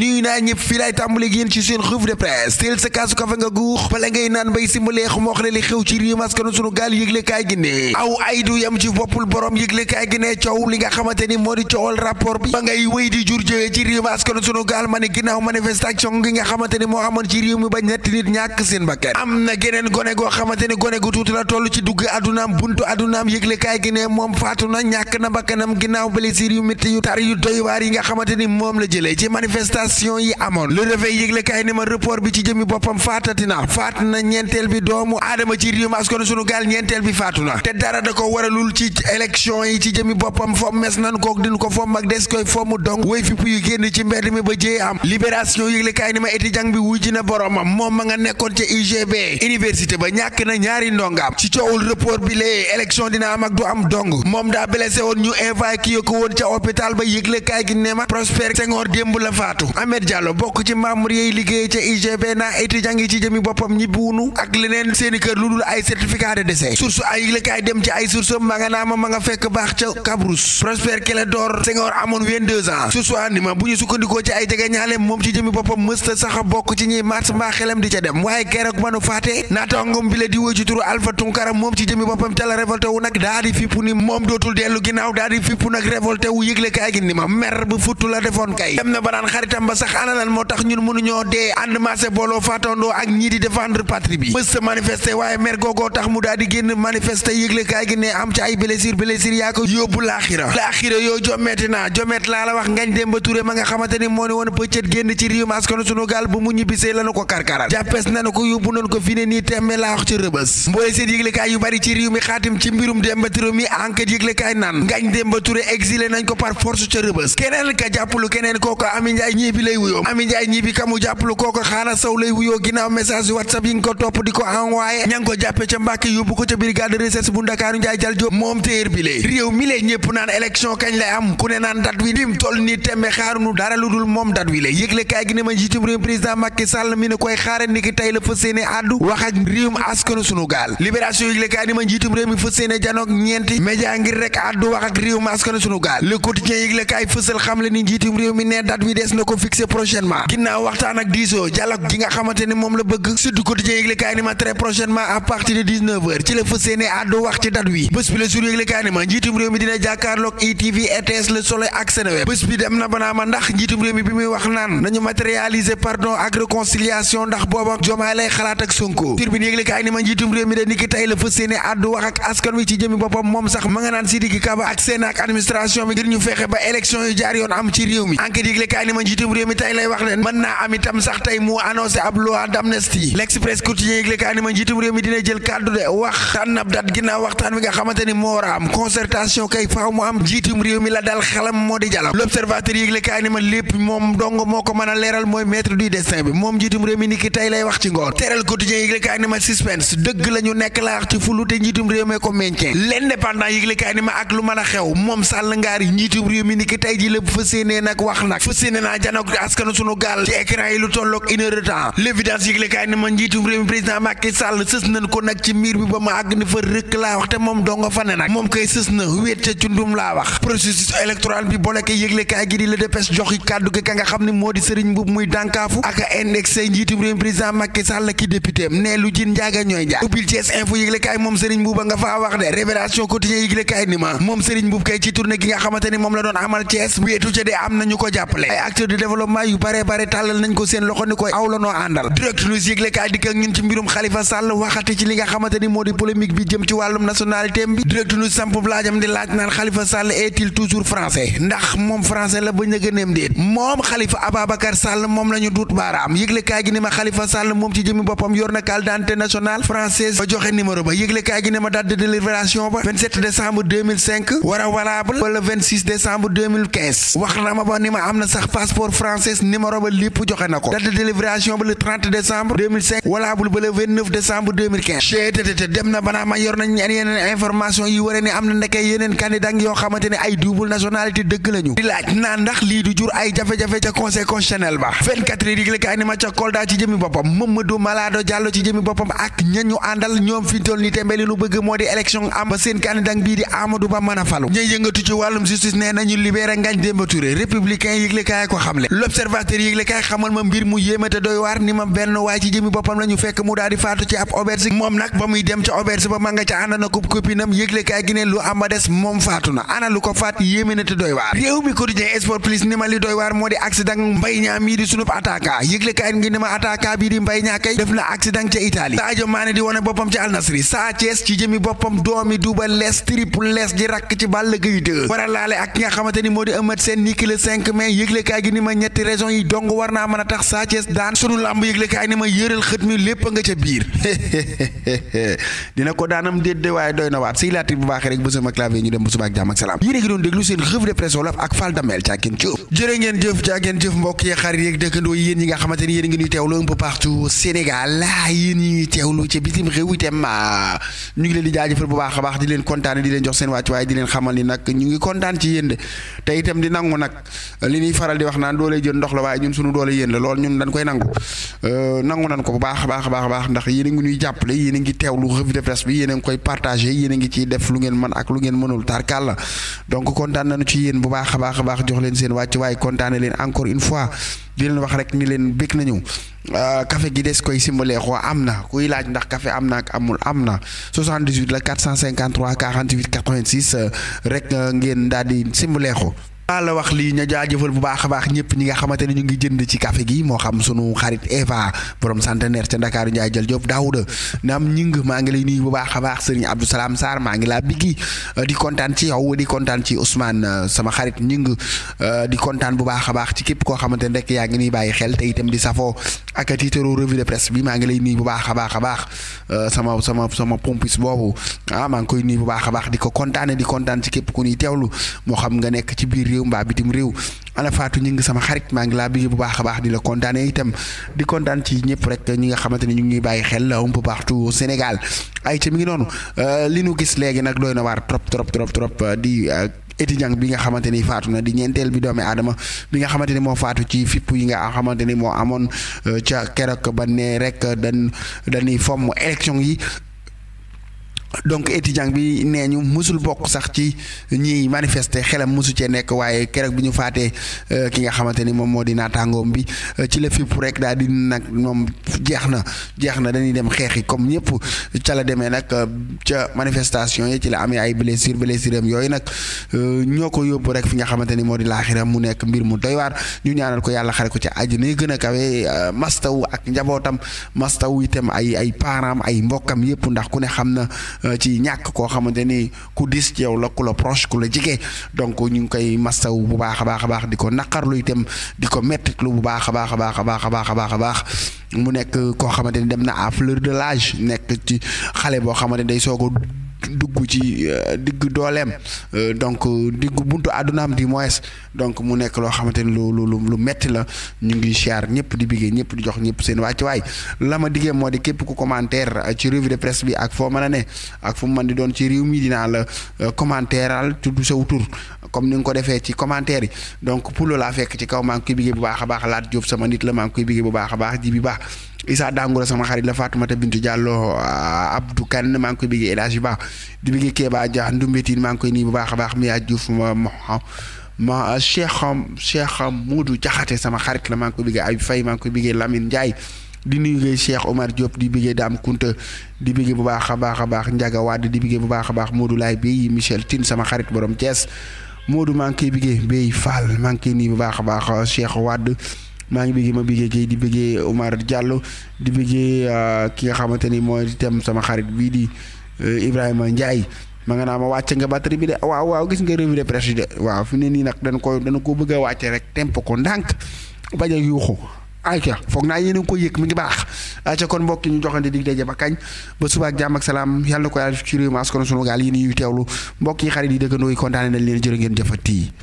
nuyu naa ñëpp fii laay tàmbali yéen ci seen revue de presse teel sa kaasu kafe nga guux bala ngay naan bay si mbaleex moo xam ne li xew ci réew maskanu sunu gaal yëglekaay gi ne aw ay du yam ci boppul borom yëglekaay gi ne coow li nga xamante ni moo di coowal rapport bi ba ngay wéy di jur jëwee ci réew maskanu sunu gaal ma ne ginnaaw manifestation gi nga xamante ni moo amoon ci réew ba ñetti nit ñàkk seen bakkan am na geneen gone goo xamante ni gone gu tuuti la toll ci dugg adunaam buntu adunaam yëglekaay gi na ñàkk na bakkanam ginnaaw blessure yu métti yu yi nga xamante ni moom la jëlee ci manifestation yi amoon le réveil yëgle kay ma report bi ci jëmi boppam faatati na faat na ñeenteel bi doomu aadama ci réew mi askan sunu gaal ñeenteel bi faatu na te dara da ko waralul ci élection yi ci jëmi boppam fomm mes nan kook din ko fomm ak des koy fomm dong woy fipp yu génn ci mbedd ba jëye am libération yëgle kay ni bi wuj na boromam moom ma nga nekkoon ca UGB université ba ñàkk na ñaari ndongaam ci coowul report Ahmed Diallo bokk ci membre yey liggéey ca IGB naa étudiant yi ci jëmi boppam ñibbi ak leneen seeni kër lu dul ay certificat de décès source ay yëglekaay dem ci ay source ma nga naa ma ma nga fekk baax ca Kabrousse Prosper Clédor Senghor ma bu ñu sukkandikoo ci ay jege ñaaleem moom ci jëmi boppam mësta sax bokk ci ñuy mars mbaa xelam di ca dem waaye keroog manu faate naataangoom bi la di woy Alpha Tunkara moom ci jëmi boppam ca la révolté nag daa di fippu ni moom dootul dellu ginnaaw daa di fippu nag révolté wu Samba sax ana lan moo tax ñun mënuñoo dee ànd maase booloo faatandoo ak ñii di défendre patrie bi mës sa manifester waaye mer googoo tax mu daal génn manifester yëgle gi ne am ci ay blessure blessure yaa ko yóbbu laaxira laaxira yoo jommeeti naa jommeet laa wax ngañ Demba Touré nga xamante moo ne woon bëccët génn ci réew mi sunu gaal bu mu ñibbisee lanu ko karkaral jàppees nanu ko yóbbu noonu ko fi nii temme laa wax ca rëbës keneen ka jàppalu ñibbi lay wuyoo Ami Njaay ñibbi kamu jàppalu kooko xaana saw lay wuyoo ginnaaw message whatsapp yi nga ko topp di ko envoyé ña ngi ko jàppee ca Mbàkke yóbbu ko ca brigade de bu Ndakaaru Njaay jal Jóob moom téer bi lee réew mi lee ñëpp naan élection kañ lay am ku ne naan dat wi bim toll nii tembe xaarunu dara lu dul moom dat wi lay yëgle gi ne ma njiitum réew président Macky Sall mi ne koy xaare niki tey la fa àddu wax ak réewum mi fa fixé prochainement ginnaaw waxtaan ak diisoo dialogue gi nga xamante moom la bëgg Sud Quotidien yëglekaay ni ma très prochainement à partir de 19 njiitum réew mi dina jàkkaarloog e e na banaa ma ndax njiitum réew mi bi muy wax naan nañu matérialiser pardon ak réconciliation ndax ma njiitum réew mi la fa séene àddu wax ak askan wi ci jëmi boppam moom sax ma nga naan Sidiki Kaba ak seen administration bi ngir ñu fexe ba élection yu jaar yoon am ci réew mi enquête yëglekaay ni ma njiitum réew mi tey lay wax leen mën naa am itam sax tey mu annoncé ab loi d'amnistie l'express quotidien yëgle kaa ma njiitum réew mi dina jël kàddu de wax tànnab dat ginnaaw waxtaan wi nga xamante ni moo kay faaw mu am njiitum réew mi la dal xelam moo di jalab l'observateur yëgle kaa ni ma lépp moom dong moo ko mën a leeral mooy maître du destin bi moom njiitum réew mi ni ki lay wax ci ngoon teral quotidien yëgle kaa ma suspense dëgg la a ak askanu sunu gaal ci écran yi lu tolloog njiitum réew mi président Macky Sall ko nag ci miir bi ba ma àgg ni wax te moom donga fa ne moom laa wax processus électoral bi boole ko nga xam moo di sëriñ mbub muy dànkaafu ak a indexé njiitum réew mi président Macky Sall ki député ne lu jin njaaga ñooy njaag ubbil Thiès info moom nga xamante ni moom la doon amal Thiès wéetu ca dee am nañu ko jàppale ay acteur de développement yu bare bare tàllal nañ ko seen loxo ni ko aw àndal direct news kaay dikk ak ñun ci mbirum Khalifa Sall waxati ci li nga xamante moo di polémique bi jëm ci wàllum nationalité bi direct news samp laajam di laaj naan Khalifa Sall est toujours français ndax moom français la ba ñëgëneem déet moom Khalifa Ababacar Sall moom la ñu baaraam yëgle kaay gi ne ma Khalifa Sall moom ci jëmi boppam yor na carte d'identité nationale a française numéro ba lépp joxe na ko date de délivration ba le 30 décembre 2005 ba le 29 dem na banaa ma yor nañ yeneen information yi waree ni am na ndekee yeneen candidat yoo xamante ay double nationalité dëgg lañu di laaj naa ndax lii du jur ay jafe-jafe ca conseil constitutionnel ba 24 heures yëgle kaay ni ma ca Kolda ci jëmi boppam Mamadou Malado Diallo ci jëmi boppam ak ñañu àndal ñoom fi toll ni tembe nu bëgg moo di élection xamle l'observateur yégle kay xamal ma mbir mu yéemate doy waar ni ma benn waay ci jëmi boppam la fekk mu daal faatu ci ab auberge moom nag ba muy dem ca auberge ba ma ca ànd na ko copinam yégle gi ne lu ama des moom faatu na ana ko faat yéeme na te doy waar réew mi quotidien sport plus ni ma li doy waar moo di accident mbay ñaa mii di sunub attaquant yégle kay ne ma attaquant bii di mbay ñaa def na accident ca Italie Sa Thiès ci di rakk ci a na ñetti raison yi dong war naa mën a tax Sa Thiès daan sunu làmb yëgle kaay ni ma yëral xët mi lépp nga ca biir dina ko daanam déedéet waaye doy na waat siy laati bu baaxee rek ba sama clavier ñu dem ba suba ak jàmm ak salaam yéen a ngi doon déglu seen revue de presse wolof ak Fall Damel càggeen jëf jërë ngeen jëf yi xarit yeeg ngi ñuy teewlu un peu partout ah, ñu ngi leen di jaajëfal bu baax a baax di leen kontaan di leen jox seen wàcc waaye di leen xamal ni nag ñu ngi kontaan ci yéen de te itam di nangu wax naan doole jën ndox la waaye ñun suñu doole yéen la loolu ñun dañ koy nangu euh, nangu nan ko bu baax a baax a baax ndax yéen a ngi ñuy jàppale yéen a ngi teewlu revue de presse bi yéen a ngi koy partagé yéen a ngi ciy def lu ngeen mën ak lu ngeen mënul tarkal la donc na nañu ci yen bu baax baax a baax jox leen seen wàcc waaye kontaane leen encore une fois di leen wax rek ni leen bég nañu euh, café gi des koy simbalee xoo am na kuy laaj ndax kafe am na ak amul am na 78 la 453 48 86 rek euh, ngeen daal di simbalee xoo maa la wax lii ñu jaajëfal bu baax a baax ñëpp ñi nga xamante ne ñu ngi jënd ci café gi moo xam sunu xarit Eva borom centenaire ca Ndakaaru Njaay jël Diop Daouda naam ñing maa ngi lay nuyu bu baax a baax sëriñ Abdou Salam Sarr maa ngi laa biggi di kontaan ci yow di kontaan ci Ousmane euh, sama xarit ñing euh, di kontaan bu baax a baax ci képp koo xamante ne rek yaa ngi nuy bàyyi xel te itam di safoo ak tiitaro revue de presse bi maa ngi lay nuyu bu baax a baax a baax euh, sama sama sama pompis boobu ah maa ngi koy nuyu bu baax a baax di ko kontaane di kontaan ci képp ku ñuy teewlu moo xam nga nekk ci biir réew mbaa bitim réew ana faatu ñu ngi sama xarit maa ngi laa bëgg bu baax a baax di la kontaane itam di kontaan ci ñëpp rek ñi nga xamante ni ñu ngi ñuy bàyyi xel un peu partout Sénégal ay ca mi ngi noonu euh, li nu gis léegi nag dooy na waar trop trop trop trop euh, di euh, étudiant bi nga xamante ni faatu na di ñeenteel bi doomi aadama bi nga xamante ni moo faatu ci fipp yi nga xamante ni moo amoon ca keroog ba ne rek dañ dañuy fomm élection yi donc étudiant bi nee ñu musul bokk sax ci ñiy manifester xelam musu cee nekk waaye keroog bi ñu faatee euh, ki nga xamante ni moom moo di naa tàngoom bi euh, ci la fipp rek daal di nag moom jeex na jeex na dañuy dem xeexi comme ñëpp ca la demee nag euh, ca manifestation yi ci la amee ay blessure blessure am yooyu nag ñoo ko yóbbu rek fi nga xamante ni moo di laaxiram mu nekk mbir mu doy waar ñu ñaanal ko yàlla xare ko ci àjjana yi gën a kawe mastaw ak njabootam mastaw itam ay ay parents ay mbokkam yëpp ndax ku ne xam na Euh, ci ñàkk koo xamante ni ku dis ci yow la ku la proche ku la jege donc ñu ngi koy mastaw bu baax a baax a baax di ko naqarlu itam di ko mettitlu bu baax a baax a baax a baax a baax a baax a baax mu nekk koo xamante ni dem na à fleur de lage nekk ci xale boo xamante ni day soog a dugg ci euh, digg dooleem euh, donc euh, digg buntu àddunaam di moins donc mu nekk loo xamante ni lu lu lu metti la ñu ngi siyaar ñëpp di biggee ñëpp di jox ñëpp seen wàcc waay la ma diggee moo di képp ku commentaire ci revue de presse bi ak foo mën a ne ak mu mën di doon ci réew mi dinaa la commentaireal tudd saw tur comme ni nga ko defee ci commentaire yi donc pour laa fekk ci kaw maa ngi koy biggee bu baax a baax laat Diop sama nit la maa ngi koy biggee bu baax a baax ji bi baax Issa Dangoura sama xarit la Fatoumata Bintu Diallo ah, Abdou Kane maa ngi koy bëggee El baax Ba di bëggee Kéba Dia Ndoumbétine maa ngi koy nii bu baax a baax Mia Diouf ma ma Cheikh Cheikh Modou Diakhaté sama xarit la maa ngi koy bëggee Ayib Faye maa ngi koy bëggee Lamine Ndiaye di nuyu Cheikh Omar Diop di bëggee Dame Kounta di bëggee bu baax a baax a baax Ndiaga Wade di bëggee bu baax a baax Modou laay Bey Michel tin sama xarit borom Thiès Modou maa ngi koy bëggee Bey Fall maa ngi koy nii bu baax a baax Cheikh Wade. maa ngi bëggee ma bëggee Guèye di bëggee Omar Diallo di bëggee euh, ki nga xamante ni mooy itam sama xarit bii di euh, Ibrahima Ndiaye ma nga naa ma wàcce nga batterie bi de waaw waaw gis nga revue de presse yi de waaw fi ne nii nag dañ ko dañ ko bëgg a wàcce rek temp ko ndànk bañ a yuuxu ayca foog naa yéen a ngi ko yëg mi ngi baax ayca kon mbokk ñu joxante dig daje ba ba suba ak salaam yàlla na ko yàlla ci réew mi askan sunu gaal yéen ñuy teewlu mbokk yi xarit yi dëkkandoo yi ngeen jëfati